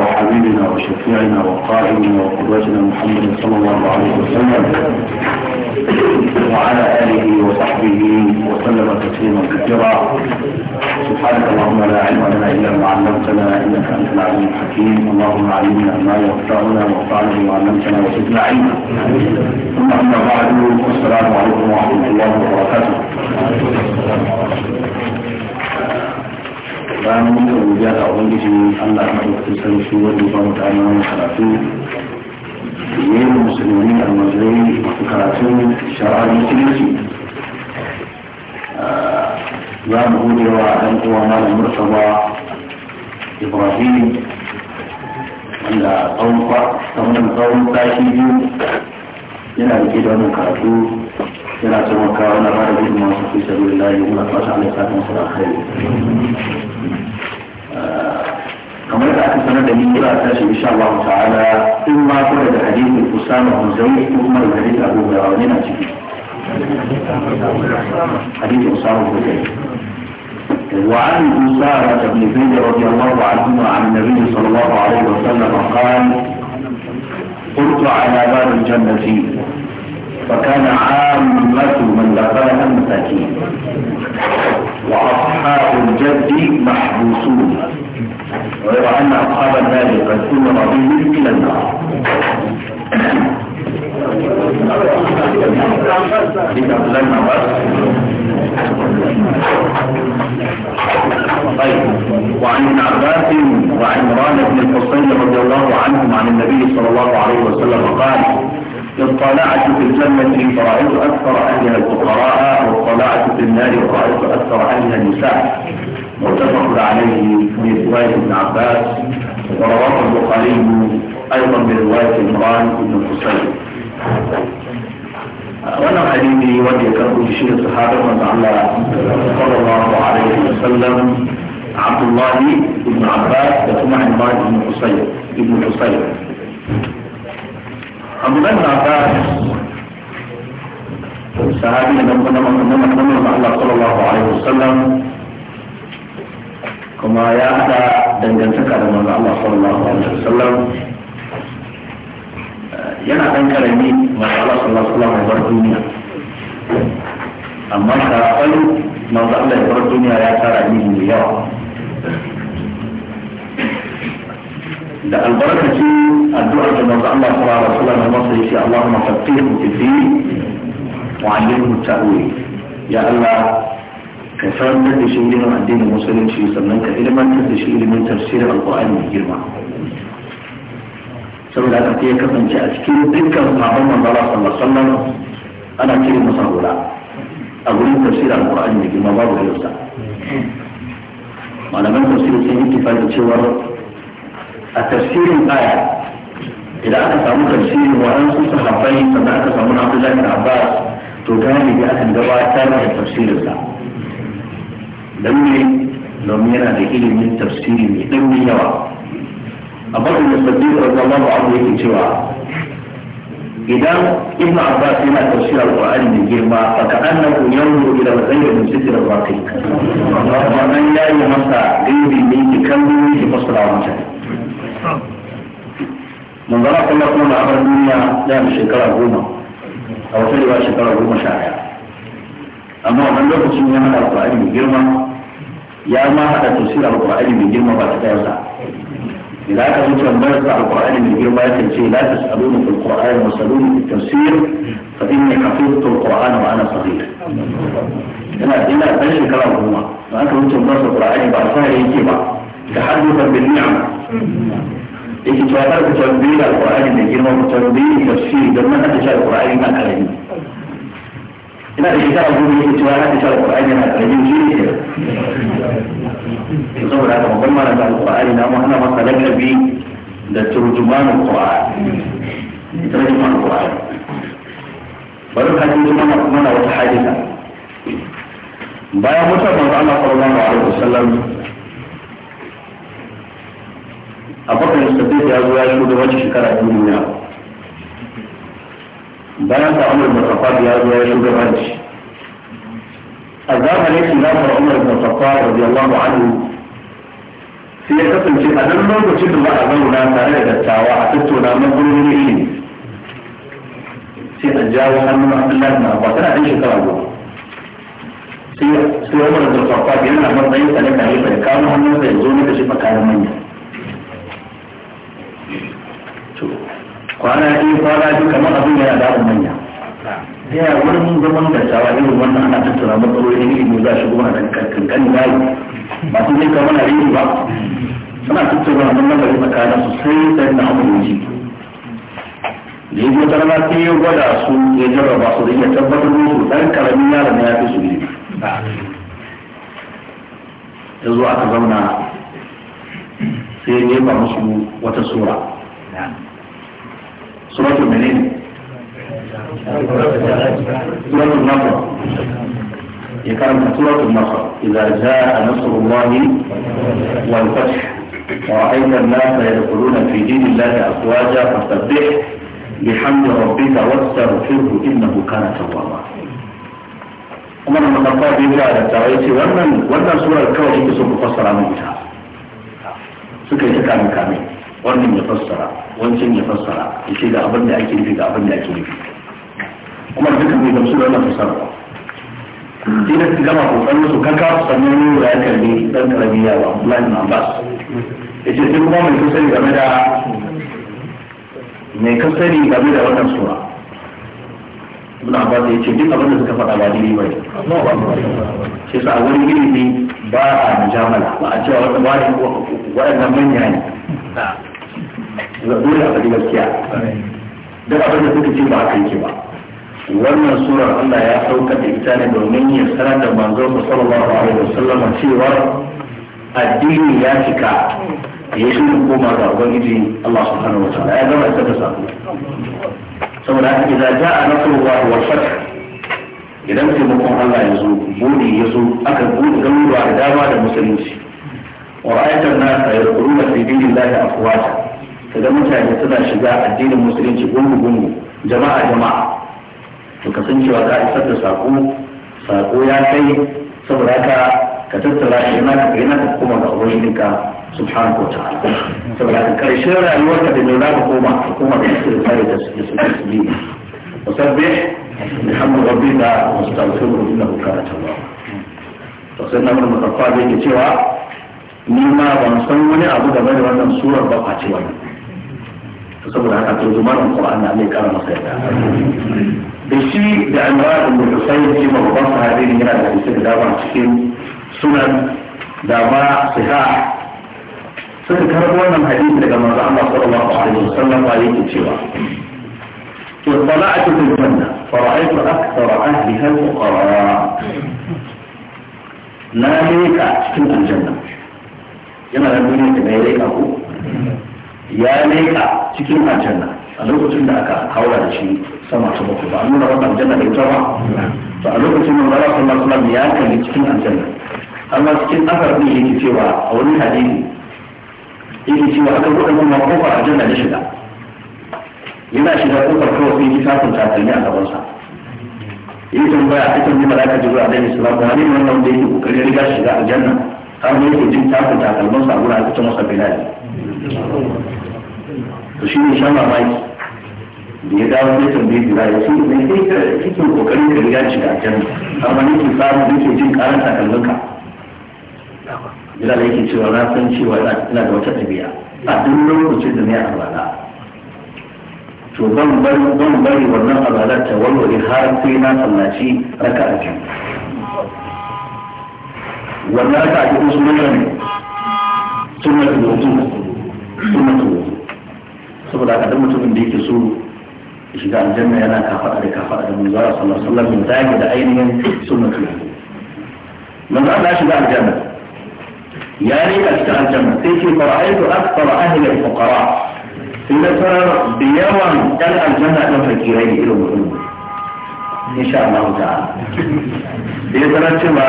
وحبيبنا وشفيعنا وقائدنا وقدوتنا محمد صلى الله عليه وسلم وعلى آله وصحبه وسلم تسليما كثيرا سبحانك اللهم لا علم لنا إلا ما علمتنا إنك أنت العليم الحكيم اللهم علمنا ما ينفعنا وانفعنا بما علمتنا وزدنا علما ثم أما بعد والسلام عليكم ورحمة الله وبركاته bayan mun da godiya ga ubangiji Allah ya mai wata sanin shi wanda ba mu tare wannan karatu yayin musulmi almajirai masu karatun shara'a musulunci ah, za mu gode wa dan uwa malam murtaba ibrahim wanda tsawon tsawon tashi biyu yana rike da karatu yana taimakawa na ba da gudunmawa su fi sabi lillahi muna fata Allah ya kamar da aka sanar da ni kira ta shi insha Allah ta'ala in ma kuma da hadisin Usama bin Zaid ko kuma da hadisin Abu Hurairah ne na ciki hadisin Usama bin Zaid وعن أسامة بن زيد رضي الله عنهما عن النبي صلى الله عليه وسلم قال قلت على باب الجنة فكان عامة من دخلها مساكين وعرض أصحاب الجد محبوسون ويرى أن أصحاب المال قد سمر بهم إلى النار طيب وعن ابن عباس وعمران بن الحصين رضي الله عنهم عن النبي صلى الله عليه وسلم قال للطلاعة في الجنة فرأيت أكثر أهلها الفقراء والطلاعة في النار فرأيت أكثر أهلها النساء متفق عليه من رواية ابن عباس ورواه البخاري أيضا من رواية عمران بن الحسين وانا حديثي وجه كربو شيخ الصحابة وتعالى صلى الله عليه وسلم عبد الله بن عباس وثم عمران بن الحسين بن الحسين abdullahi bin ta sahabi da kuma na Allah sallallahu alaihi wasallam kuma ya hada dangantaka da Allah sallallahu yana dan karami manzon Allah sallallahu alaihi wasallam eh, bar duniya amma kafin manzon Allah duniya ya tara ni yawa da albarkaci الدعاء كما زعل الله رسول الله مصر يا الله ما فقيه كثير وعلمه التأويل يا الله كفر من تشيل من الدين المسلم شيء سمنك إلى من تشيل من تفسير القرآن الكريم سوى لا تقيه كفن جاء تكير تلك الطعام من الله صلى الله عليه وسلم أنا كير مصرولا أقول تفسير القرآن الكريم ما بابه يوسع ما لم تفسير سيدي كفاية تشوار التفسير الآية idan aka samu tafsirin waɗansu sahabbai sannan aka samu na Abdullahi bin Abbas to galibi akan gabatar da sa. don ne domin yana da ilimin tafsiri mai ɗimbin yawa a bakin da sabbi radiyallahu abu yake cewa idan ibn abbas yana tafsir qurani da girma fa ka'annahu yanzuru ila al-ghayb min sitr al-waqi amma dan yayi masa gaibi ne ki kallo ki fasara mutane من ضرب كل يوم مع الدنيا لا مش الكلام الغوما أو تلي واش الكلام الغوما شاعر أما من لو كنت من يمن القرآن من جرما يا ما هذا تصير القرآن من جرما بعد تأسع إذا كنت من على القرآن من جرما يتنسي لا تسألون في القرآن وسألون في التفسير فإني حفظت القرآن وأنا صغير إن إن بيش الكلام الغوما فأنت كنت من القرآن بعد تأسع يجيبا تحدثا بالنعمة yake cewa kar ku tambayi alqur'ani da girma ku tambayi tafsiri don man hadda alqur'ani na karami ina da shekara goma yake cewa na hadda alqur'ani na karami shi ne ke saboda haka babban malamin alqur'ani na mu ana masa lakabi da turjumanul qur'ani turjumanul ƙur'ani. bari ka ji mana mana wata hadisa bayan mutum manzo Allah sallallahu alaihi wasallam abokan sadiq ya zo ya shuɗe wacce shekara ta duniya bayan da umar bin khattab ya zo ya shuɗe wacce a zamanin khilafar umar bin khattab radiyallahu anhu sai ya kasance a nan lokacin da ba a zauna tare da dattawa a tattauna matsalolin ilimi sai a jawo hannun abdullahi na ba tana ɗan shekara goma sai umar bin khattab yana matsayin sa na kare kare kawo hannun sa ya zo na kashe makarin manya kwana biyu fara biyu kamar abin yana damun manya yaya ya wurin zaman dattawa irin wannan ana tattara matsaloli ne ne za shi goma da kankan yayi ba su ne kama na yi ba suna tattara wannan nazari tsakanin su sai sai na amurin jiki da ya gotar na ta ya gwada su ya jarraba su da iya tabbatar musu dan yara na ya fi su ilimi ya zo aka zauna sai ya jefa musu wata sura سورة منين سورة النصر يكرم سورة النصر إذا جاء نصر الله والفتح ورأيت الناس يدخلون في دين الله أفواجا فسبح بحمد ربك واستغفره إنه كان توابا Umar bin Khattab ya ga da tawai ce wannan wannan surar kawai yake so ku fassara mun ita suka yi ta kame kame wannan ya fassara wancan ya fassara ya ce ga abin da ake nufi ga abin da ake nufi kuma duka mai gamsu da wannan fassara sai da su gama kokarin su kaka sannan yau ya kalli dan karami yawa Abdullahi bin Abbas ya ce sai kuma mai kasari game da mai kasari game da wannan sura Ibn Abbas ya ce duk abin da suka faɗa ba daidai ba ne sai sa a wani ilimi ba a mujamala ba a cewa wani ba wani manya ne a gaskiya duk abin da suka ce ba a ke ba wannan surar Allah ya sauka da ita ne domin ya sanar da manzo mu sallallahu alaihi wasallam cewa addini ya cika ya shi koma ga ubangiji Allah subhanahu wa ta'ala ya gama isa da sako saboda haka idan ja'a nasrullah wa fath idan taimakon Allah ya zo buɗe ya zo aka buɗe garuruwa da dama da musulunci wa ra'aytan nasa yadkhuluna fi dinillahi afwaja Ka ga mutane suna shiga addinin musulunci gungu-gungu jama'a jama'a to kasancewa za a isar da sako sako ya kai saboda haka ka tattara shi na ka yana ka koma ga ubangijinka subhanahu wa ta'ala saboda haka karshe rayuwar ka da me za ka koma ka koma ga cikin tsari da su suke su tasbi musabbih bihamdi rabbika wastaghfiruhu innahu kana tawwaba to sai nan mun kafa da yake cewa ni ma ban san wani abu game da wannan surar ba face wannan saboda haka to zuma da Qur'ani Allah ya kara masa yarda da shi da Imran ibn Husayn shi ma babban sahabi ne yana da hadisi da dama cikin sunan da ma sahih sun karbo wannan hadisi daga manzo Allah sallallahu alaihi wasallam ba yake cewa to sala'atu fil janna fara'aytu akthara ahliha al-fuqara na leka cikin aljanna yana da duniya da ya leka ko ya leka cikin aljanna a lokacin da aka haura da shi sama ta bakwai ba a nuna wata aljanna da ita ba to a lokacin da Allah sallallahu alaihi ya kalli cikin aljanna amma cikin asar din yake cewa a wani hadisi yake cewa aka buɗe mun kofar aljanna da shiga yana shiga kofar kawai sai ya tafi takalmi a gaban sa yi tambaya a cikin jima da aka jiru a ba ba wani ne wannan da yake kokarin riga shiga aljanna har ne yake jin tafi takalmansa a wurin a cikin masa bilali to shi ne shan mamaki da ya dawo zai tambaye jira ya ce mai sai ka kike kokarin ka riga shiga aljanna amma ne ke samu da ke jin karan sakallonka jira yake cewa na san cewa ina da wata ɗabi'a a duk lokacin da na yi abada to ban bari ban bari wannan abada ta warware har sai na sallaci raka'a biyu wannan raka'a biyu sunan ne sunan wudu sunan wudu saboda haka duk mutumin da yake so ya shiga aljanna yana kafaɗa da kafa da mun zara sallallahu alaihi wasallam yake da ainihin Mun manzo Allah shiga aljanna ya a cikin aljanna sai ke fara'aitu akthar ahli al-fuqara sai da sarar da yawan ɗan aljanna ɗan fakirai da irin mutum insha Allah ta'ala da ya sanar cewa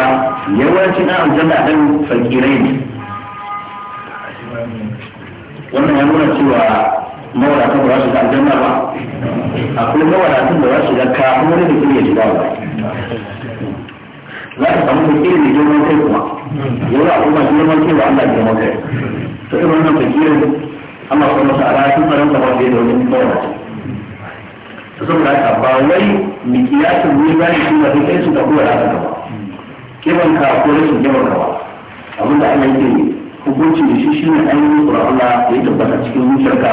yawancin ɗan aljanna ɗan fakirai ne wannan ya nuna cewa mawadatun da za su ga aljanna ba akwai mawadatun da za su ga kafin wani da ya shiga ba za ka samu da ilimi girman kai kuma yau da al'umma girman kai ba Allah girman kai to irin wannan fakirin Ana kuma masa ala tun faran da wanda ya da wani mawadatu to saboda haka ba wai mikiyasin ne ba shi da kai su da kuma da ba kiban ka ko rashin kiban ka ba abinda Allah yake hukunci da shi shine ainihin tsoron Allah ya tabbata cikin zuciyarka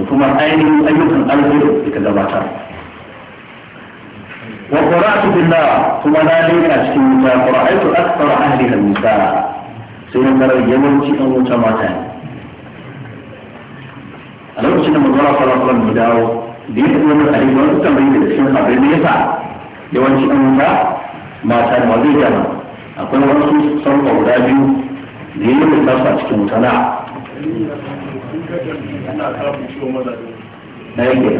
da kuma ainihin ayyukan alheri suka gabata. wa qara'tu billah kuma na leka cikin wuta qara'tu akthara ahliha nisa sai na tarar yawanci an wuta mata ne a lokacin da manzon fara fara alaihi dawo da yake wani hadisi wani tambayi da cikin abin ne yasa yawanci an wuta mata ne wanda ya akwai wasu san guda biyu da yake su a cikin wuta na na biyu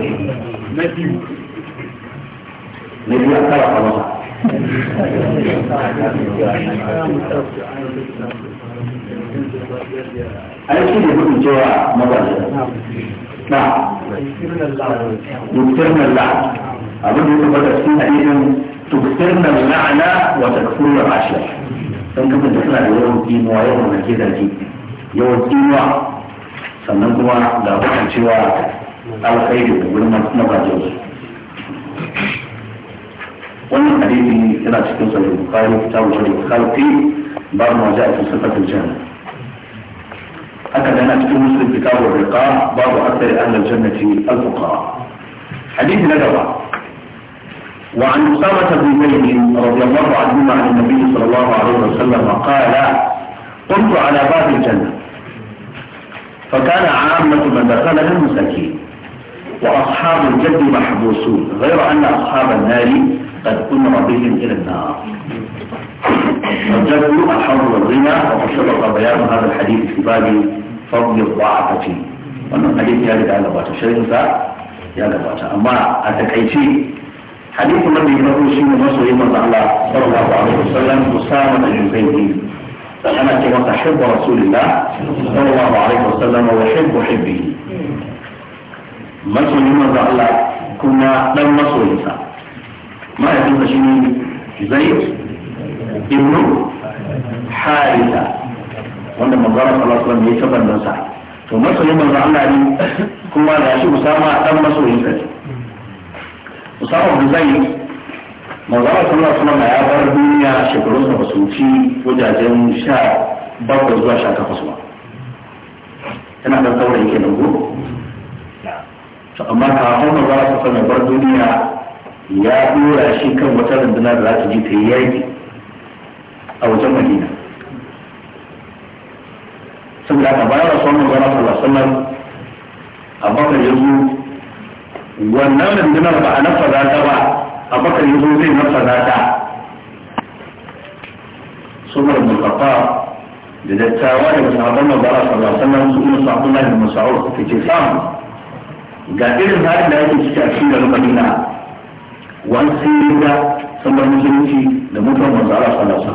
na biyu a kara kwamata an shi ne mutum cewa mazaje na yuktirna la abin da ya tabbata cikin hadisin tuktirna la'ana wa takfurna ashir sun kasance suna da yawan kimuwa yawan rake zarki yawan kimuwa sannan kuma da wannan cewa alkhairi da gurin mazajen su wannan hadisi yana cikin sahih bukhari kitabu sahih khalqi babu ma ja'a fi sifatil janna haka da yana cikin muslim kitabu riqa babu akthari ahli al-jannati al-fuqara hadisi na gaba وعن أسامة بن زيد رضي الله عنهما عن النبي صلى الله عليه وسلم قال كنت على باب الجنة فكان عامة من دخلها المساكين وأصحاب الجد محبوسون غير أن أصحاب النار قد أمر بهم إلى النار والجد الحر والغنى وقد سبق بيان هذا الحديث في باب فضل الضعفة وأن الحديث يرد على بعض شيخ ya gabata أما a takaice hadisin da ya faru الله ne masoyin manzo Allah sallallahu alaihi فأنا كما تحب رسول الله صلى الله عليه وسلم وحب حبه مسؤول من ذا الله كنا لم مسؤول ما يكون تشيني زيد ابن حارثة وانا من ظرف صلى الله عليه وسلم يتبع ومسؤول من ذا الله كما لا شيء أسامة لم مسؤول إنسان أسامة بن زيد manzara suna suna wasallam ya bar duniya shekarun sa basu ci wajajen sha bakwai zuwa sha takwas ba yana da saurayi kenan ko to amma kafin manzara suna alaihi bar duniya ya dora shi kan wata rundunar da za ta ji ta yi yaki a wajen madina sun saboda haka bayan rasuwar manzara sallallahu alaihi wasallam abubakar ya zo wannan rundunar ba a nafa za ta ba abakar yi zuwa zai nasa zata sumar mulkafa da dattawa da sahabban mazara sallallahu alaihi wasallam su umar sahabban da musawar suka ce samu ga irin halin da yake ciki a cikin garin Madina wani yi ya samar musulunci da mutuwar manzo Allah sallallahu alaihi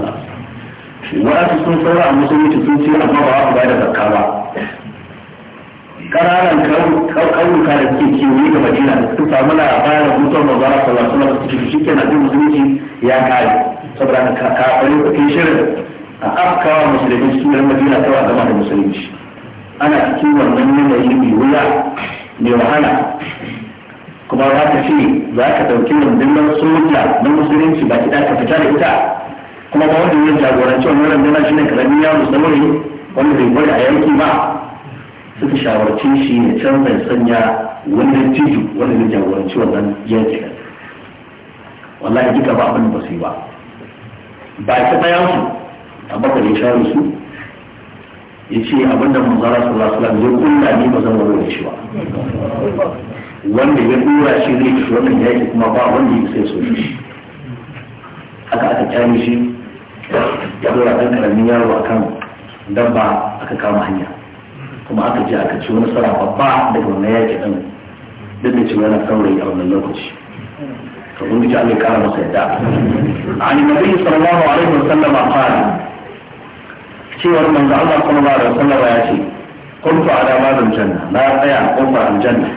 wasallam sun saura a musulunci sun ce amma ba a su bayar da zakka ba ƙananan ƙauyuka da ke kewaye da madina sun samu labarin mutuwar manzara sallallahu na wasallam cikin shi na din musulunci ya kare saboda ka kafari ku kai shirin a afkawa musulmi su yan madina ta gama da musulunci ana cikin wannan yanayi mai wuya mai wahala kuma za ka ce za ka ɗauki rundunar soja na musulunci ba ki ka fita da ita kuma ba wanda ya jagoranci wannan rundunar shi ne karamin ya saboda wanda bai bari a yanki ba suka shawarci shi ya can ya sanya wannan tiju wanda ya jagoranci wannan yanki ɗin wallahi duka ba abin ba su yi ba ba ta bayan su a ba ya shawar su ya ce abin da manzara sallallahu alaihi zai kulla ni ba zan wani shi ba wanda ya dora shi zai ci wannan yaki kuma ba wanda ya sai so shi aka aka kyale shi ya dora ɗan ƙaramin yaro akan dabba aka kama hanya kuma aka ji aka ci wani sara babba daga wannan yaƙi ɗin duk da cewa yana saurayi a wannan lokaci to kun ji Allah kara masa yadda ani nabi sallallahu alaihi wasallam qala cewar manzo Allah sallallahu alaihi wasallam ya ce kuntu ala madan janna na tsaya a kofar aljanna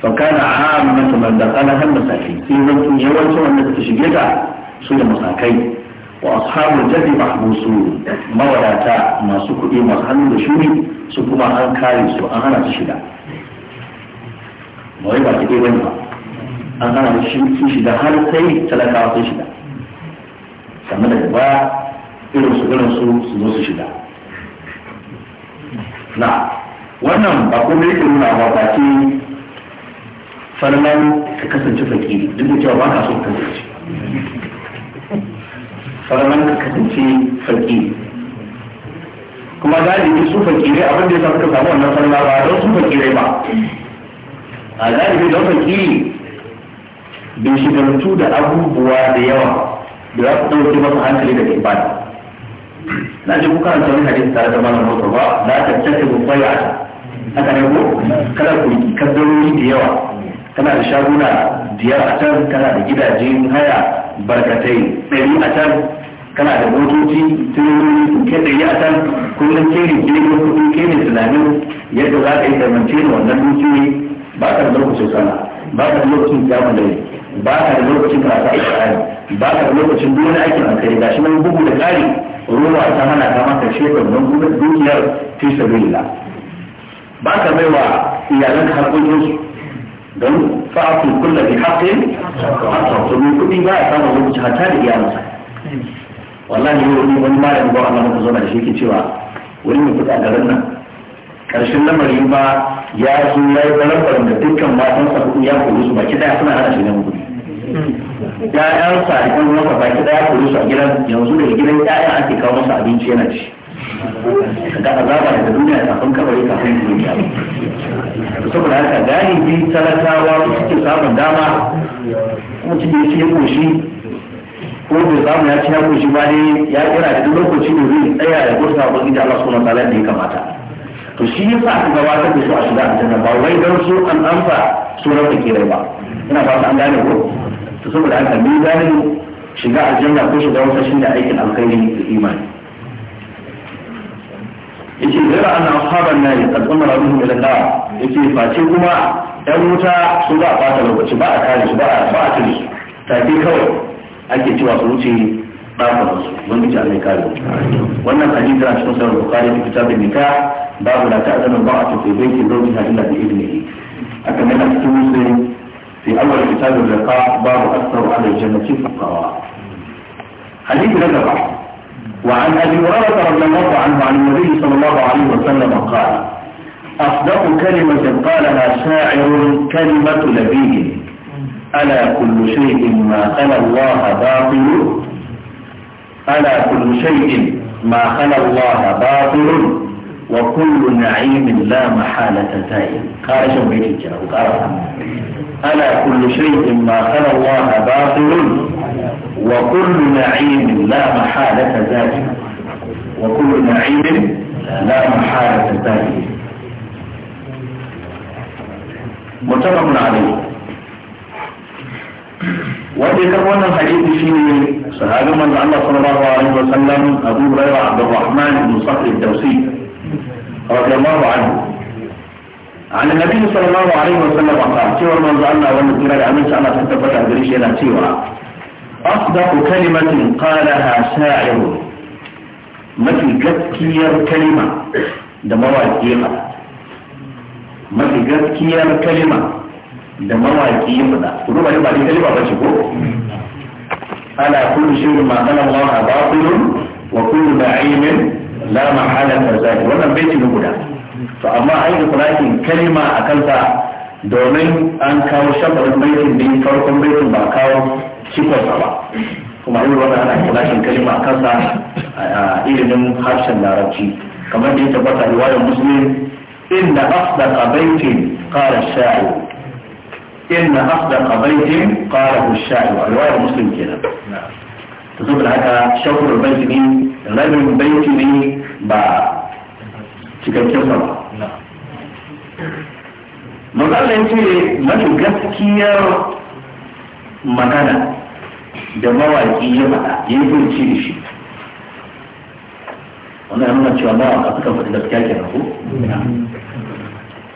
fa kana ammatu man dakala hal masakin sai yawancin wanda suka shige ta su da masakai wa ashabul jadi mahbusu mawadata masu kuɗi masu hannu da shuri su kuma an kare su an hana su shida ba wai ba ki dai wani ba an hana su shida har sai talakawa sun shida sannan daga baya irin su irin su su zo su shida na wannan ba kuma yake nuna ba ba ce farman ka kasance fakiri duk da cewa ba ka so ka kasance sauran ka kasance sarki kuma galibi su fakire abin da ya samu ka samu wannan sallah ba don su fakire ba a yi don fakiri bai shigartu da abubuwa da yawa da za su ɗauke masa hankali ke ibada na ce kuka wani hadisi tare da malam Musa ba la ta tace ku a haka ne ko kada ku kaddarori da yawa kana da shaguna biyar a can kana da gidaje haya barkatai ɗari a can kana da motoci tunanoni ke ɗari a can kullum ke ne ke ne ke ne tunanin yadda za ka yi zamance da wannan dukiyoyi ba ka da lokacin sana ba ka da lokacin kyamun dare ba ka da lokacin karatu a tsari ba ka da lokacin duk wani aikin hankali gashi nan bugu da ƙari ruwa ta hana ta maka shekaru don dukiyar fi sabilillah ba ka wa iyalanka harkokinsu don fa'atun kulla bi haƙƙin a tsautsuru ba ya samun lokaci hatta da iyalinsa wallahi ne wani wani malamin ba Allah muka zauna da shi ke cewa wani mai kuɗa garin nan Karshen lamarin ba ya zo ya yi barambaran da dukkan matan sa hudu ya kori su baki daya suna hana shi nan gudu ya yan sa a kan masa baki daya kori su a gidan yanzu daga gidan ƴaƴan ake kawo masa abinci yana ci ga azaba da duniya kafin kabari kafin duniya saboda haka galibi talakawa suke samun dama mutum da yake ya koshi ko bai samu ya ci ya koshi ba ne ya kira da lokaci da zai tsaya ya gurta ba da Allah subhanahu wataala da ya kamata to shi yasa aka gabatar da su a shiga aljanna ba wai dan su an amsa sunan da ke kirai ba ina fata an gane ko to saboda haka ni gane shiga aljanna ko shiga wata shi da aikin alkhairi da imani yace zira an ashaban nari qad umara bihim ila nar yace face kuma yan wuta su ba a fata lokaci ba a kare su ba a ba a tuni tafi kawai ake cewa su wuce ba ka musu wani ji Allah kare wannan hadisi a cikin sahih bukhari fi kitabin nikah babu la ta'zanu ba'atu fi baiti zawjiha illa bi idnihi akan yana cikin muslim في أول كتاب اللقاء باب أكثر على الجنة في القراء حديث رجب وعن أبي هريرة رضي الله عنه عن النبي صلى الله عليه وسلم قال أصدق كلمة قالها شاعر كلمة لبيه ألا كل شيء ما خلا الله باطل ألا كل شيء ما خلا الله باطل وكل نعيم لا محالة تائب قال شبيت الجواب وقال ألا كل شيء ما خلا الله باطل وكل نعيم لا محالة ذاته وكل نعيم لا محالة ذاته mutafakun alai wanda ya karɓi wannan hadisi shi ne sahabin manzo Allah sallallahu alaihi wa sallam Abu Hurairah Abdurrahman ibn Sakhr al-Dawsi radiyallahu anhu عن النبي صلى الله عليه وسلم قال سوى من ظن da الدرج عمل سأنا تتبت عن دريش إلى سوى أصدق كلمة قالها شاعر ما في كلمة دموع الدقيقة mafi gaskiyar kalima da mawaki ya fada kuma ba ba kalima ba ce ko ala kullu shirin ma kana Allah batilun wa kullu ba'imin la mahala min zalik wannan baiti ne guda to amma ai da kulakin kalima a kansa domin an kawo shafarin baitin ne farkon baitin ba kawo cikonsa ba kuma irin wannan ana kulashin kalima a kansa a ilimin harshen larabci kamar da ya tabbata riwayar musulmi. إن أصدق بيت قال الشاعر إن أصدق بيت قاله الشاعر رواية مسلم كده haka shakar baiti ne rabin baiti ne ba cikakken sa ba maganar ce mafi gaskiyar magana da mawaki ya faɗa shi wannan yana nuna cewa ba a kan faɗi gaskiya ke ko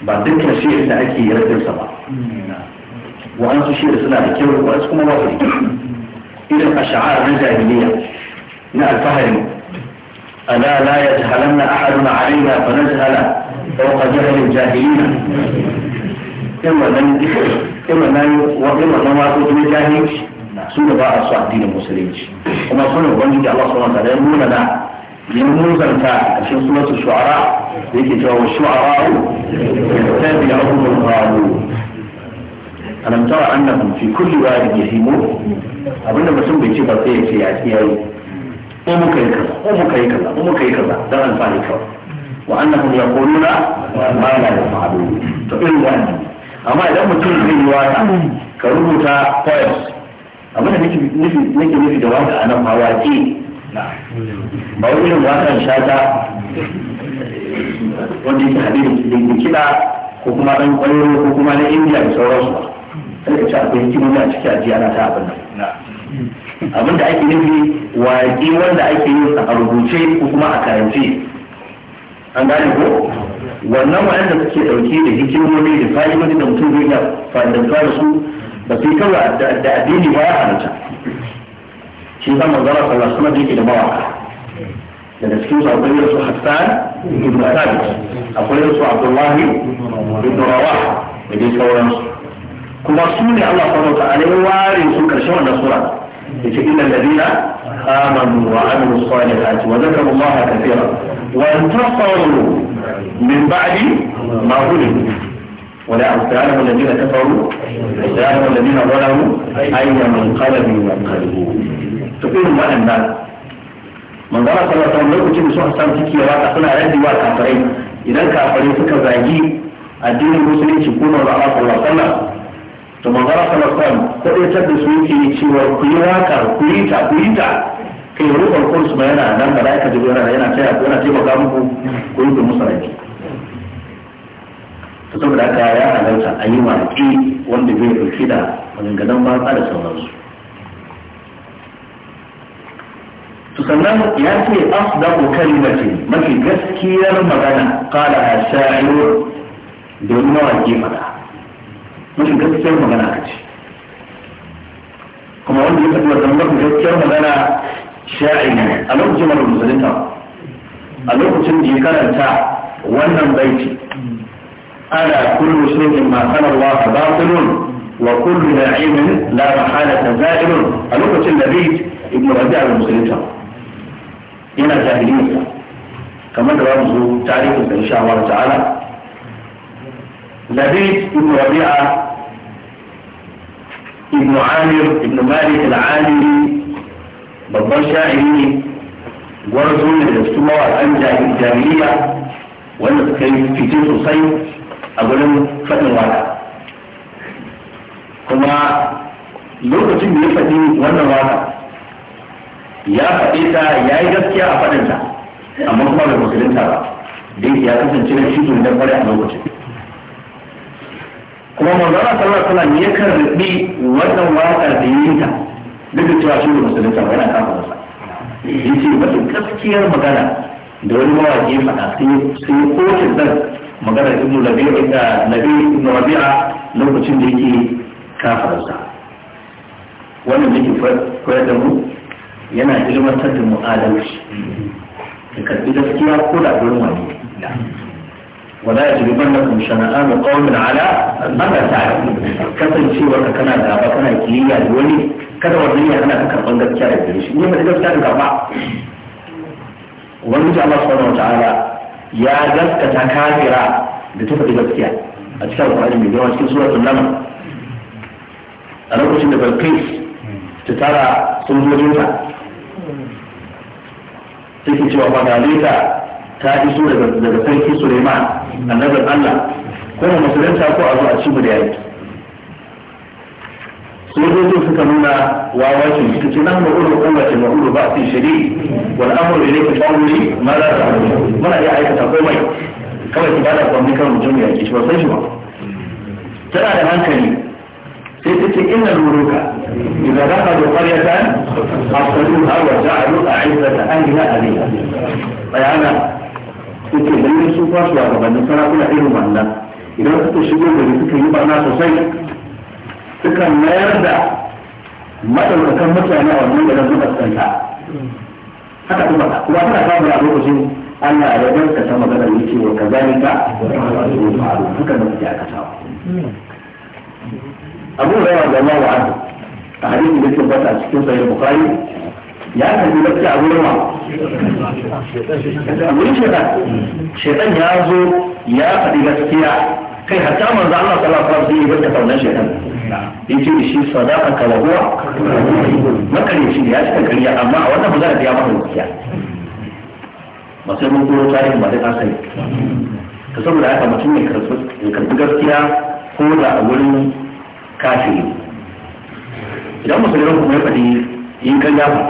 ba dukkan shi'ir da ake yi rajinsa ba wa'ansu shi'ir suna da kyau wa'ansu kuma ba su da kyau irin a sha'ar na jahiliya na alfahari ألا لا يجهلن أحد علينا فنجهل فوق جهل الجاهلين إما من إما من وإما من واقف من جاهل سورة بقى الصعدين المسلمين وما صنع وانجد الله سبحانه وتعالى يقولنا ينوزن في سورة الشعراء يجي جوا الشعراء يتبعهم الغالون ألم ترى أنهم في كل واد يهيمون أبونا بسم بيجي بطيء في عسيري أمك يكذا أمك يكذا أمك يكذا ده أنفاني وأنهم يقولون ما لا يفعلون تقول طيب، وأنا أما إذا متون في الواقع كرمتا قوس أبونا نجي نجي نجي نجي دواء أنا فواتي ba wani irin wasan shata wanda yake hadin cikin kiɗa ko kuma ɗan ƙwallo ko kuma na indiya da sauransu ba sai ka ci akwai hikimomi na ciki ajiya na ta abin nan abin da ake nufi waƙi wanda ake yin a rubuce ko kuma a karance an gane ko wannan waɗanda suke ɗauke da hikimomi da fa'idodi da mutum zai iya fa'idanta da su ba sai kawai da addini ba ya halatta سيدا مزارة صلى الله دي كده بواقع لنسكيوز عبد الله يرسو حفان ابن ثابت أقول يرسو عبد الله ابن رواح ودي سوى نصر كما سوني الله صلى الله عليه وسلم وارسو كرشوان نصرة يتقل الذين آمنوا وعملوا الصالحات وذكروا الله كثيرا وانتصروا من بعد ما ظلموا ولا أستعانهم الذين كفروا أستعانهم الذين ظلموا أي من قلبوا من to irin waɗannan manzara sallallahu alaihi lokacin da suka san ciki waka suna radi wa kafirai idan kafirai suka zagi addinin musulunci ko manzo Allah sallallahu alaihi wasallam to manzara sallallahu alaihi kodaitar da su yake cewa ku yi waka ku yi ta ku yi ta kai rukun kursu ma yana nan da laika jibril yana taya ku yana taimaka muku ku yi musu rabi to saboda haka ya halarta a yi waƙi wanda bai ɗauki da maganganun ba da sauransu sannan ya ce asdaqu kalimati mafi gaskiyar magana qala hasha'iru domin mawaki fada mafi gaskiyar magana ka ce kuma wanda ya tafi wannan mafi gaskiyar magana sha'i ne a lokacin mara musulunta a lokacin da ya karanta wannan baiti ana kullu shay'in ma kana Allah batilun wa kullu na'imin la mahala zairun a lokacin da bai ibnu rabi'a al-musulunta yana jahiliyarsa kamar da za mu zo tarihin da insha Allah ta'ala لبيد بن Ibn ابن عامر ابن مالك العامري babban sha'iri gwarzo ne da su mawaƙan jahiliya wanda suka yi fice sosai a gurin faɗin waka kuma lokacin da ya faɗi wannan waka ya faɗe ta ya yi gaskiya a faɗin ta amma kuma bai musulunta ba dai ya kasance na shi da dabbare a lokacin kuma manzara sallallahu alaihi wasallam ya karbi wannan waƙar da yi ta duk da cewa shi da musulunta ba yana kafa masa ce mafi gaskiyar magana da wani mawaƙi ya faɗa sai sai kotun zan magana ibnu labi'a da labi'a ibnu rabi'a lokacin da yake kafarsa wannan yake koyar da mu yana ilmantar da mu'adalci ka karbi gaskiya ko da gurin wani wala ya jibi banda kun shana'anu qawmin ala Allah ta kasancewa ka kana gaba kana kiyayya da wani kada wannan ya kana karɓar gaskiya da gare shi ne ba gaskiya da gaba ji Allah subhanahu wataala ya gaskata kafira da ta faɗi gaskiya a cikin alƙur'ani mai girma cikin suratul nama a lokacin da Balqis ta tara sun zo sojojinta take cewa fagaleta ta iso daga daga sarki Suleiman annabin Allah ko mu musulunta ko a zo a ci mu da yaki sojojin suka nuna wawacin suka ce nan ma'uru kowace ma'uru ba su shiri wani amur da yake tsauri mara da muna iya aikata komai kawai ba bada kwamni kan mutum ya ke shi ba sai shi ba tana da hankali الجيش إلا الملوك إذا دخلوا قرية أصلوها وجعلوا أعزة أهلها أبيها فيعنى تتبعي السوفة شوى ربنا صلى الله عليه وسلم إذا كنت تشبه بني فكر يبقى ناس وصيح فكر ما يرد ما تقول كم مكة أنا أعلم إذا كنت أستنى حتى تبقى وأنا أفهم يا أبو حسين أن أبدا كسام بنا يشي وكذلك فكر ما تجعل كسام Mm-hmm. abu da yawa da Allah wa'adu a hadisin da ke bata cikin sahih bukhari ya kalli lafiya a gurin wa a gurin shaitan shaitan ya zo ya faɗi gaskiya kai hatta manzo Allah sallallahu alaihi wasallam zai bata kaunar shaitan yace da shi sadaka ka wahuwa makarici ne ya cika kariya amma a wannan bazara ya maka gaskiya ba sai mun kuro tarihin ba da kasai ka saboda haka mutum ne karbi gaskiya ko da a wurin kafiri idan musulmi kuma ya faɗi yin kan gafa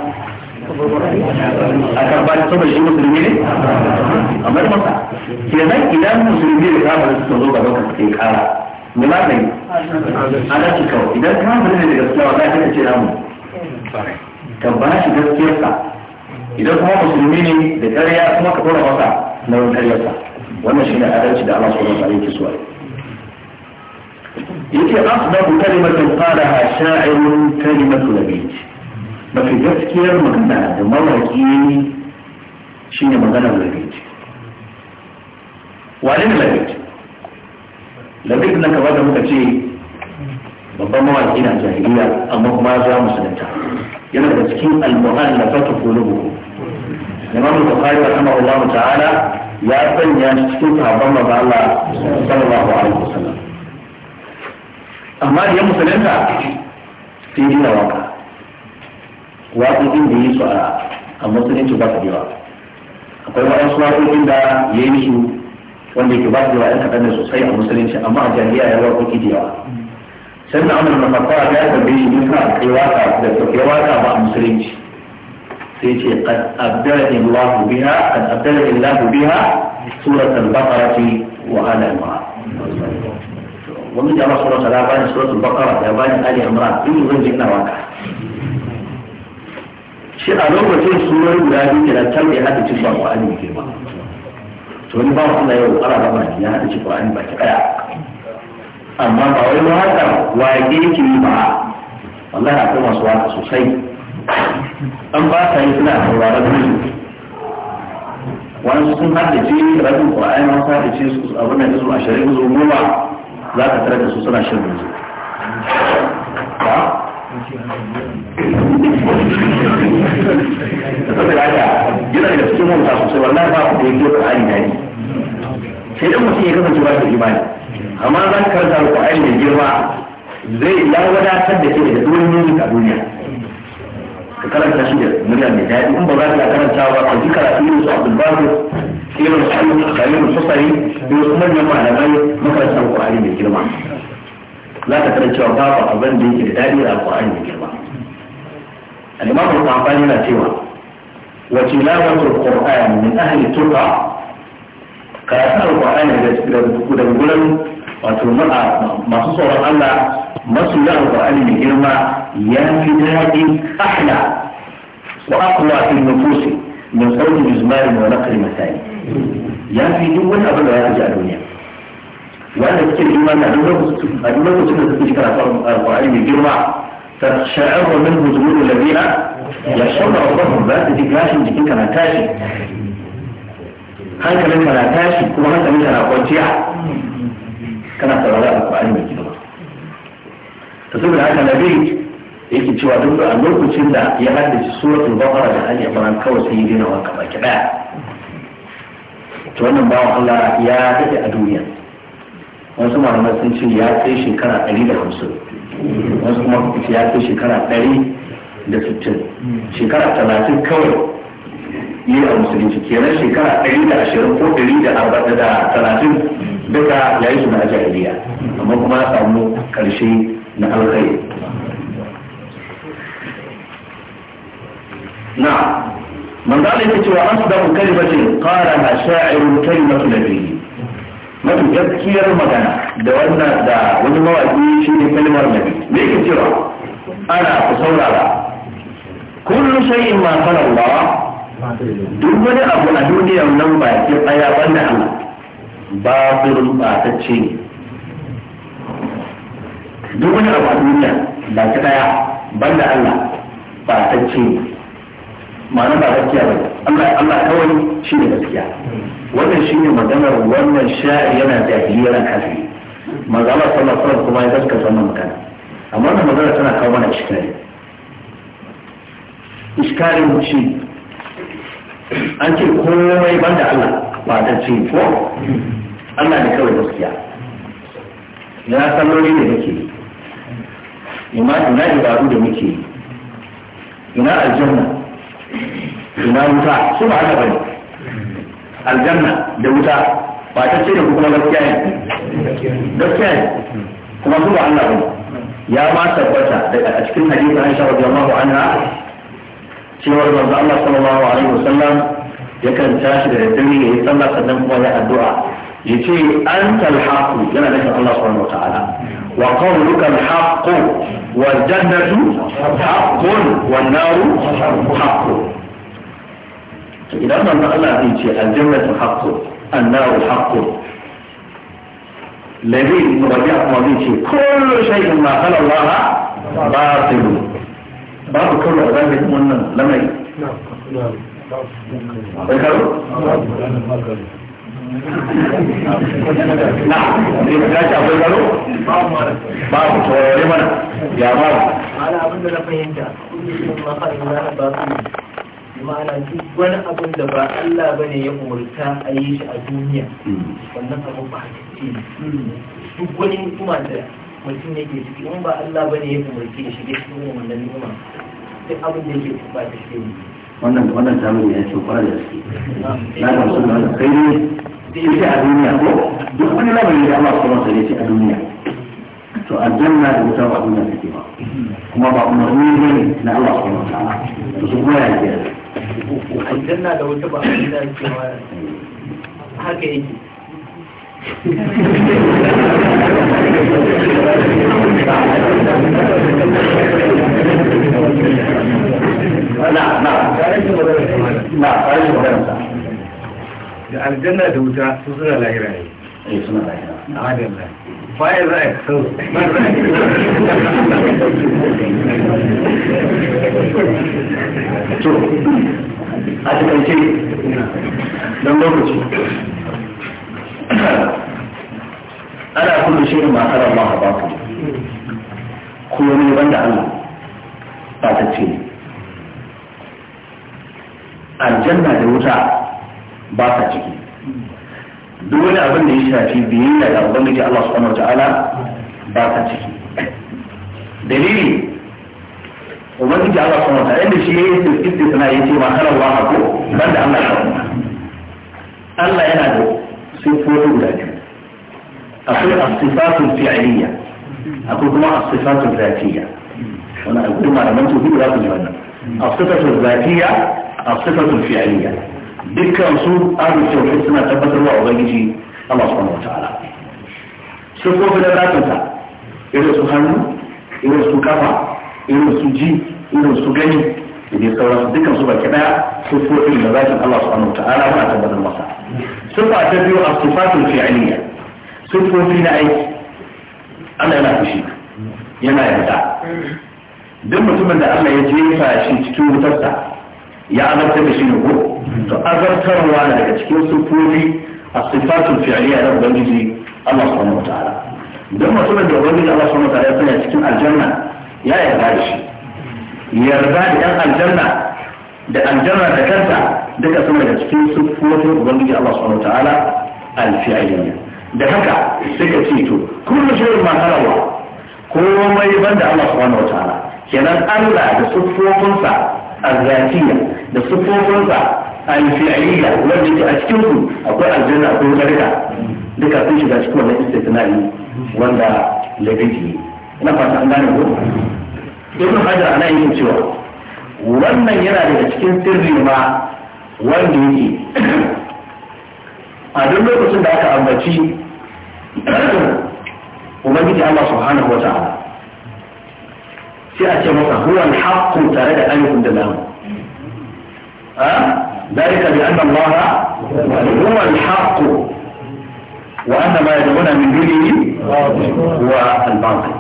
a karɓa da saboda shi musulmi ne a bar masa kenan idan musulmi da kafin su zo gaba ka ke kara ne ma kai ana ci kawai idan kafin ne da gaskiya ba za ka ce namu ka ba shi gaskiyarsa idan kuma musulmi ne da ƙarya kuma ka tura masa wani karyarsa wannan shi ne adalci da Allah subhanahu wa ta'ala yake yake asbabu kalimatin qalaha sha'irun kalimatu nabiyyi mafi gaskiyar magana da mawaki shine maganar labid wane ne labid labid na kaba da muka ce babban mawaki na jahiliya amma kuma ya zuwa musulunta yana da cikin almuhan na fata kulubu imam bukhari wa sama Allah ta'ala ya sanya cikin sahabban manzo Allah sallallahu alaihi wasallam amma da ya musulunta sai na waka waƙoƙin da yi su a musulunci ba su yawa akwai waɗansu waƙoƙin da ya yi su wanda yake ba su yawa ɗan kaɗan da sosai a musulunci amma a jami'a ya waƙoƙi da yawa sai na amur mafafa ya tambaye shi ne a kai waka da tafiya waka ba a musulunci sai ce kan abdala illahu biha qad abdala illahu biha suratul baqara wa ala al wani da masu rasa da bayan suratul bakara da bayan ali amra in zan jinna waka shi a lokacin sunan guda biyu da tarbi hada cikin ba qur'ani ke ba to ni ba Allah yau ara ba ba ya hada cikin qur'ani ba ki kaya amma ba wai waka yake ki ba wallahi akwai masu waka sosai an ba ta yi suna da su wani sun ce rabin qur'ani wasu ce su abin da su a shari'a zuwa goma za ka tarar da su suna shan yanzu saboda haka yana da cikin wanda sosai wallahi ba ku da yake Qur'ani na yi sai dan mutum ya kasance ba shi imani amma zan karanta Qur'ani da girma zai ya wadatar da ke da dunyoyi a duniya ka karanta shi da murya mai daɗi in ba za ka karanta ba ka ji karatu ne su Abdul Basit irin su kalin sosai da su manyan malamai makarantar ƙwari mai girma za ka tarar cewa babu abin da yake da daɗi a ƙwari mai girma alimamu ƙwafani na cewa wa tilawatul qur'an min ahli turba karatun alƙwari da gurin wato masu tsoron Allah masu da alƙwari mai girma ya fi daɗi ahla wa aqwa fil nufusi من قول جزمال ونقر مثالي يعني في دول ولا أبدا يا رجال الدنيا وأنا أذكر إيمان أدوما كتبنا تذكر القرآن بجرعة فشعر منه زمون الذين يشعر عرضهم بات ذكراش جكين كما تاشي هل كلمة لا تاشي كما هل كلمة لا قوتيا كما ترى لا القرآن بجرعة تصبر هذا نبيك yake cewa duk a lokacin da ya haddace suratul baqara da ali imran kawai sai yi dena wanka baki daya to wannan bawan Allah ya dade a duniya wasu malamai sun ce ya kai shekara 150 wasu kuma suka ce ya kai shekara 160 shekara 30 kawai yi a musulunci kenan shekara 120 ko 130 duka ya yi shi na jahiliya amma kuma ya samu karshe na alkhairi na man da yake cewa asdamu kalimatin qalaha sha'irun kalimatu nabiyyi mafi gaskiyar magana da wannan da wani mawaki shi ne kalmar nabi me yake cewa ana ku saurara kullu shay'in duk wani abu a duniyar nan ba ke tsaya banda Allah ba ba ta ce ne duk wani abu a duniya ba ta tsaya banda Allah ba ta ce ne ma'ana ba gaskiya ba Allah Allah kawai shi ne gaskiya wannan shi ne maganar wannan sha'ir yana jahiliya yana kafiri manzo Allah sallallahu alaihi kuma ya gaskata wannan magana amma wannan magana tana kawo mana iskari iskarin shi an ce komai banda Allah ba ta ce ko Allah ne kawai gaskiya ya salloli da muke ina ina ibadu da muke ina aljanna ina wuta su ba haka bane aljanna da wuta ba ta ce da ku kuma gaskiya ne gaskiya ne kuma su ba Allah bane ya ma tabbata daga a cikin hadisi Aisha radiyallahu anha cewa manzo Allah sallallahu alaihi wasallam yakan tashi da dare ya yi sallah sannan kuma ya addu'a yace antal haqu yana da Allah subhanahu wa ta'ala وقولك الحق والجنة حق والنار حق إذا ما الله هذه الجنة حق النار حق الذي رجع مضيتي كل شيء ما خلى الله باطل باب كل ذلك من لم يكن ne ka dace akwai garo ba ku taurari mana ya ba ku ana abin da na fahimta ma'ana duk wani abin da ba Allah ba ne ya umarta a yi shi a duniya wannan abu ba hakiki ce, duk wani kuma da mutum yake ciki in ba Allah ba ne ya umarce ya ya cikin wannan hukuma duk abin da yake ba ta shi wannan wannan samun ya ce kwarar da su na kamsu da wannan kai ne da a duniya ko duk wani lamari da Allah subhanahu wa ta'ala a duniya to aljanna da wuta ba duniya take ba kuma ba umarni ne na Allah subhanahu wa to su kuma ya ke aljanna da wuta ba a duniya take ba haka yake na na na tare da magana na tare da da aljanna da wuta su suna lahira ne eh, suna lahira a za a sau a ana kullum shirin ma ba ku kuma ne Allah ba ta ce aljanna da wuta ba sa ciki duk wani abin da ya shafi biyayya ga ubangiji Allah subhanahu wataala ba sa ciki dalili ubangiji Allah subhanahu wataala inda shi yayin da istisna yace ma kana Allah ko banda Allah ya Allah yana da sifofin guda biyu akwai as-sifatul fi'liyya akwai kuma as-sifatul zatiyya wannan a gudu malaman tauhid za su ji wannan as-sifatul zatiyya as-sifatul fi'liyya dukkan su ahlul tauhid suna tabbatarwa ubangiji Allah subhanahu wataala sai ko da ratunta irin su hannu irin su kafa irin su ji irin su gani da dai sauran dukkan su ba baki daya sifofin da zakin Allah subhanahu wataala ba tabbatar masa sifa ta biyu as-sifatul fi'liyya sifofi na aiki Allah yana fushi yana yarda duk mutumin da Allah ya jefa shi cikin wutarsa ya azabtar da shi ne ko to azabtarwa na daga cikin sufofi a sifatun fi'aliya na ubangiji Allah subhanahu wa ta'ala don mutumin da ubangiji Allah subhanahu wa ta'ala ya sanya cikin aljanna ya yarda da shi yarda da yan aljanna da aljanna da kanta duka suna da cikin sufofin ubangiji Allah subhanahu wa ta'ala alfi'aliya da haka sai ka ce to kullu shay'in ma tarawa komai banda Allah subhanahu wa ta'ala kenan Allah da sufofinsa الذاتية da sufofinsa alfi'aliya wanda ke a cikin su akwai aljanna akwai wutarka duka sun shiga cikin wannan istisnai wanda labiji ina fata an gane ko ibn hajar ana yin cewa wannan yana daga cikin sirri ma wanda yake a duk lokacin da aka ambaci ubangiji Allah subhanahu wa ta'ala sai a ce masa huwa al tare da alifun da lam a dalika bi anna Allah huwa al-haqq wa anna ma yad'una min dunihi huwa al-batil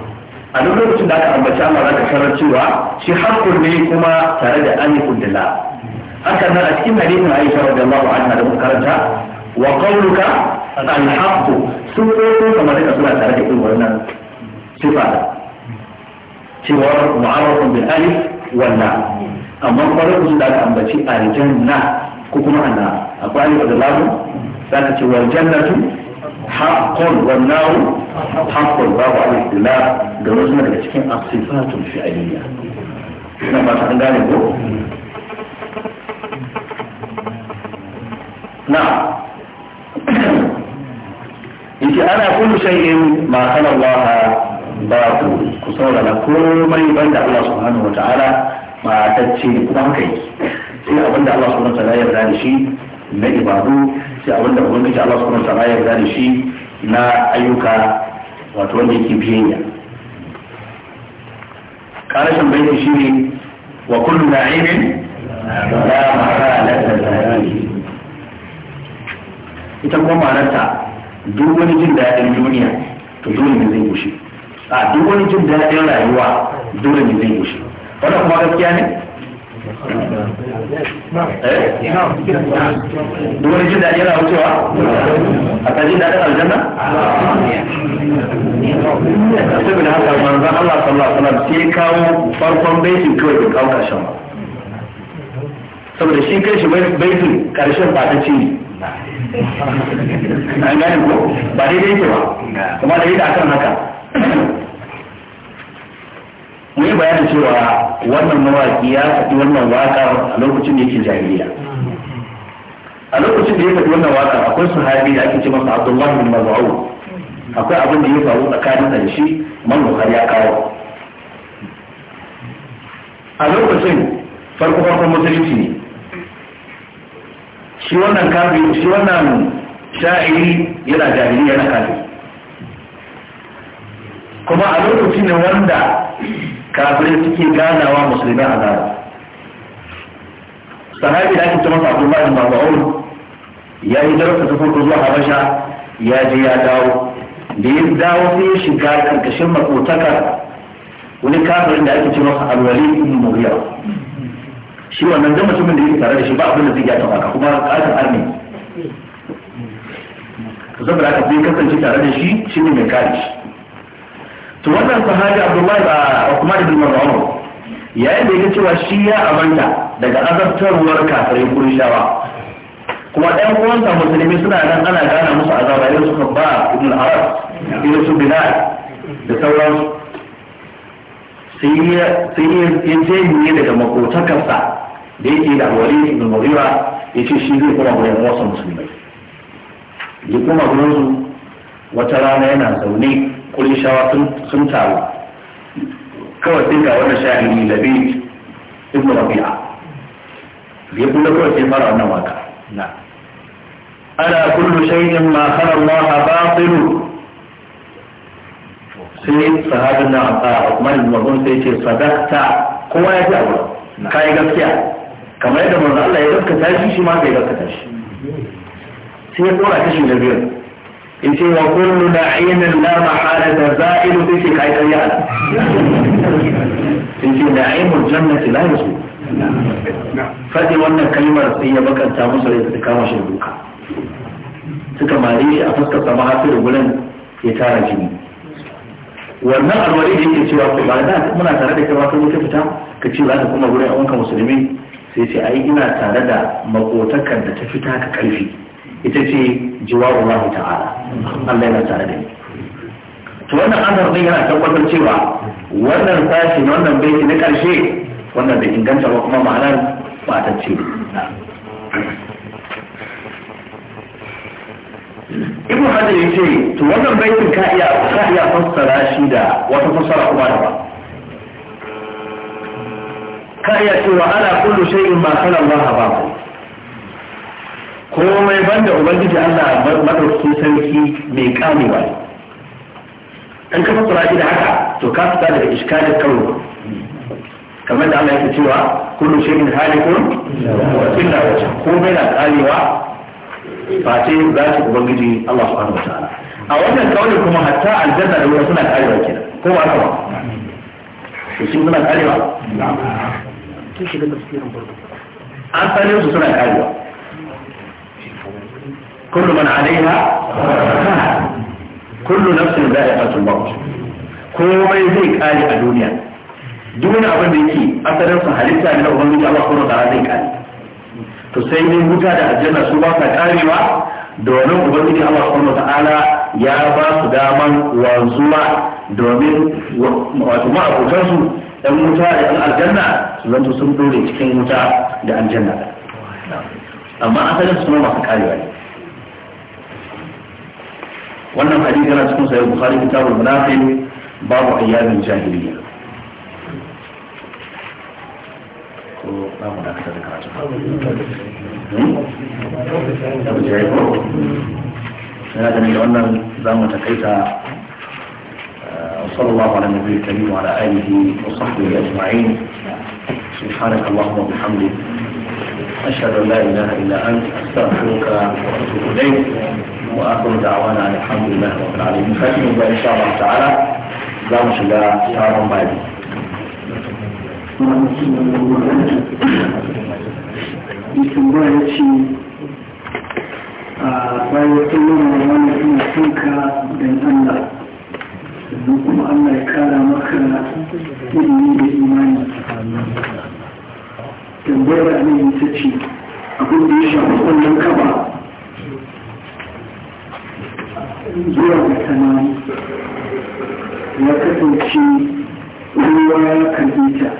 a duk lokacin da aka ambaci Allah za ka sanar cewa shi haƙƙun ne kuma tare da alifun da lam haka nan a cikin hadisin Aisha radiyallahu anha da muka karanta wa qawluka al-haqq sun ko kamar da suna tare da irin wannan sifa cewa mu'arrafun bil alif wal la amma farqun da aka ambaci aljanna ko kuma anna akwai alif da lamu zaka ce wal jannatu haqqun wan naru haqqun wa alif da la da wasu daga cikin asifatul fi'aliyya ina ba ta an gane ko na yake ana kullu shay'in ma kana Allah ba ku ku saurara komai ban da Allah subhanahu wa ta'ala matacce ne kuma haka yi sai abin da Allah subhanahu wa ta'ala ya yarda da shi na ibadu sai abin da ubangiji Allah subhanahu wa ta'ala ya yarda da shi na ayyuka wato wanda yake biyayya karashin baiti shi ne wa kullu na'imin la mahala da ita kuma ma'anarta duk wani jin daɗin duniya to dole ne zai gushe a duk wani jin daɗin rayuwa dole ne zai gushe wannan kuma gaskiya ne eh? duk wani jin daɗin rayuwa cewa a kan jin daɗin aljanna saboda haka manzan Allah sallallahu alaihi wasallam sai kawo farkon baitin kawai bai kawo karshen ba saboda shi kai shi baitin karshen ba ta ce an gane ko ba daidai ke ba kuma da yi da akan haka mu yi bayanin cewa wannan mawaki ya faɗi wannan waƙa a lokacin da yake jahiliya a lokacin da ya faɗi wannan waƙa, akwai sahabi da ake ce masa abdullahi bin maz'ud akwai abin da ya faru tsakanin da shi man bukhari ya kawo a lokacin farko farkon musulunci ne shi wannan kafin shi wannan sha'iri yana jahiliya na kafin kuma a lokaci ne wanda kafirai suke ganawa musulmi a zara sahabi da ake masa abdullahi bin mas'ud ya yi darasa ta farko zuwa habasha ya je ya dawo da ya dawo sai ya shiga karkashin makotakar wani kafirin da ake ce masa alwali in mughira shi wannan da mutumin da yake tare da shi ba abin da zai ya taba ka kuma kasan arni saboda aka fi kasance tare da shi shi ne mai kare shi to wannan sahabi abdullahi ba kuma da bin mazaun yayin da yake cewa shi ya amanta daga azabtarwar kafirai kurishawa kuma ɗan uwansa musulmi suna nan ana gana musu zaura yau suka ba ibn arab irin su bina da sauransu sai ya ce ne daga makotakarsa da yake da wali ibn mawira ya ce shi zai kuma gudun wasu musulmai ya kuma gurin wata rana yana zaune ƙulishawa sun taru kawai sai ga wannan sha'ani labi ibn rabi'a ya kula kawai sai fara wannan waka na ala kullu shay'in ma khara Allah batilu sai sahabin na a Uthman ibn Affan sai ce sadaqta kowa ya ji abu kai gaskiya kamar yadda manzo Allah ya gaskata shi shi ma kai gaskata shi sai ya dora kashi da biyar yace wa kullu da'inin la mahala da za'ilu fi shi kai dariya yace da'imul jannati la yasu fadi wannan kalmar sun ya bakanta musu da ta kama shi duka suka mare shi a fuskar sama hafi da gurin ya tara jini wannan alwari da yake cewa ko ba da muna tare da kai kuma ka fita ka ce za ka kuma gurin a wanka musulmi sai ce ai ina tare da makotakan da ta fita ka karfi ita ce jiwaru Allah ta'ala Allah yana tare da ni to wannan azar din yana tabbatar cewa wannan sashi na wannan baiti na karshe wannan da inganta ba kuma ma'anar ba ta ce Ibn Hajar ya ce to wannan baitin ka iya iya fassara shi da wata fassara kuma da ba ka iya cewa ana kullu shay'in ma kana Allah ba komai ban da ubangiji Allah madaukakin sarki mai kamewa in ka fasara shi da haka to ka fita daga iskalin kawo kamar da Allah yake cewa kullu shay'in halikun illa wajh komai na kamewa face za su ubangiji Allah subhanahu wa ta'ala a wannan kawai kuma hatta aljanna da wuta suna karewa kenan ko ba haka ba to shi suna karewa asalin su suna karewa kullu man alaiha kullu nafsin za'iqatul maut komai zai kare a duniya duk wani abin da yake asalin sa halitta ne na ubangiji Allah kuma da zai kare to sai dai wuta da aljanna su ba sa karewa domin ubangiji Allah subhanahu ta'ala ya ba su daman wanzuwa domin wato ma'abutan su dan wuta da dan aljanna su zanto sun dore cikin wuta da aljanna amma asalin su masu karewa ne wannan hadisi yana cikin sahih bukhari kitabul munafiq babu ayyamin jahiliya ko ba mu da kada karatu yana ganin da wannan za mu takaita وصلى الله على النبي الكريم وعلى اله وصحبه اجمعين سبحانك اللهم وبحمدك أشهد أن لا إله إلا أنت أستغفرك وأتوب إليك وآخر دعوانا على الحمد لله رب العالمين ختم إن شاء الله تعالى زوج لا شهر بعد Allah ya kara maka ilimi da imani tambaya ne ita ce abin da ya shafi wannan kaba zuwa ga tanani ya kasance ruwa ya karbe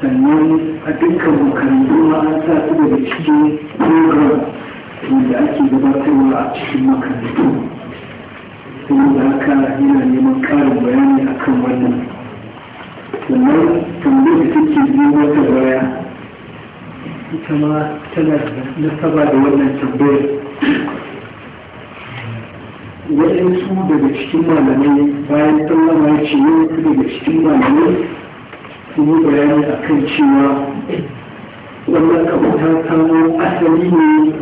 sannan a dukkan makarantu ma an sa su daga cikin program wanda ake gabatarwa a cikin makarantu saboda haka yana neman ƙarin bayani akan wannan sannan tambayar da take biyu wata baya ita ma tana nasaba da wannan tambayar waɗansu daga cikin malamai bayan tsallama ya ce wasu daga cikin malamai sun yi bayani a kan cewa wannan kamar samo asali ne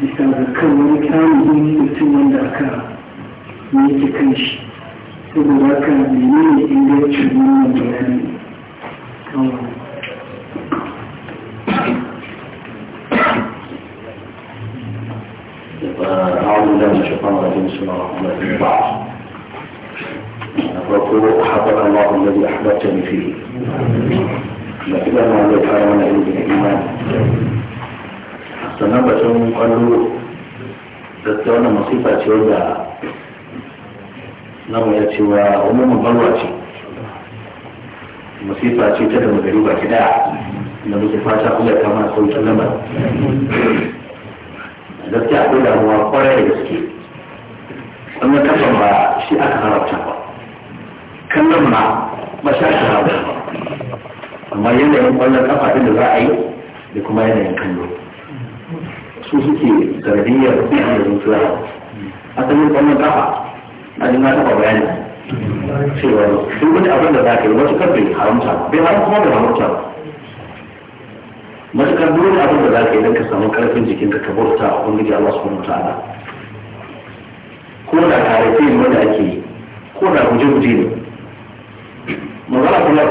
bisa ga kan wani tarihin mutum wanda aka yanke kan shi saboda haka menene ingancin wannan bayani الشيطان الرجيم بسم الله الرحمن الرحيم بعد وقولوا حفظ الله الذي احببتني فيه لكن انا لا يتعلمون عند الايمان sannan batun kwallo da wannan masifa ce wadda namu ya cewa umumin balwa ce masifa ce ta da magari ba ki daya da muke fata kula ta mana sauƙin lamar gaskiya akwai damuwa kwarai da gaske amma kasan ba shi aka harabta ba kallon ma ba shi aka harabta ba amma yanayin kwallon kafa ɗin da za a yi da kuma yanayin kallo su suke sanadiyyar da zuciya asalin kwallon kafa na jin na ba bayani cewa duk wani abin da za ka yi wasu kan haramta bai haramta kuma da haramta ba matuƙar duk wani abin da za ka yi don ka samu ƙarfin jikinka ka bauta a ubangiji Allah su kuma ta'ala ko da tare da wanda ake yi ko da guje-guje ne magana kuma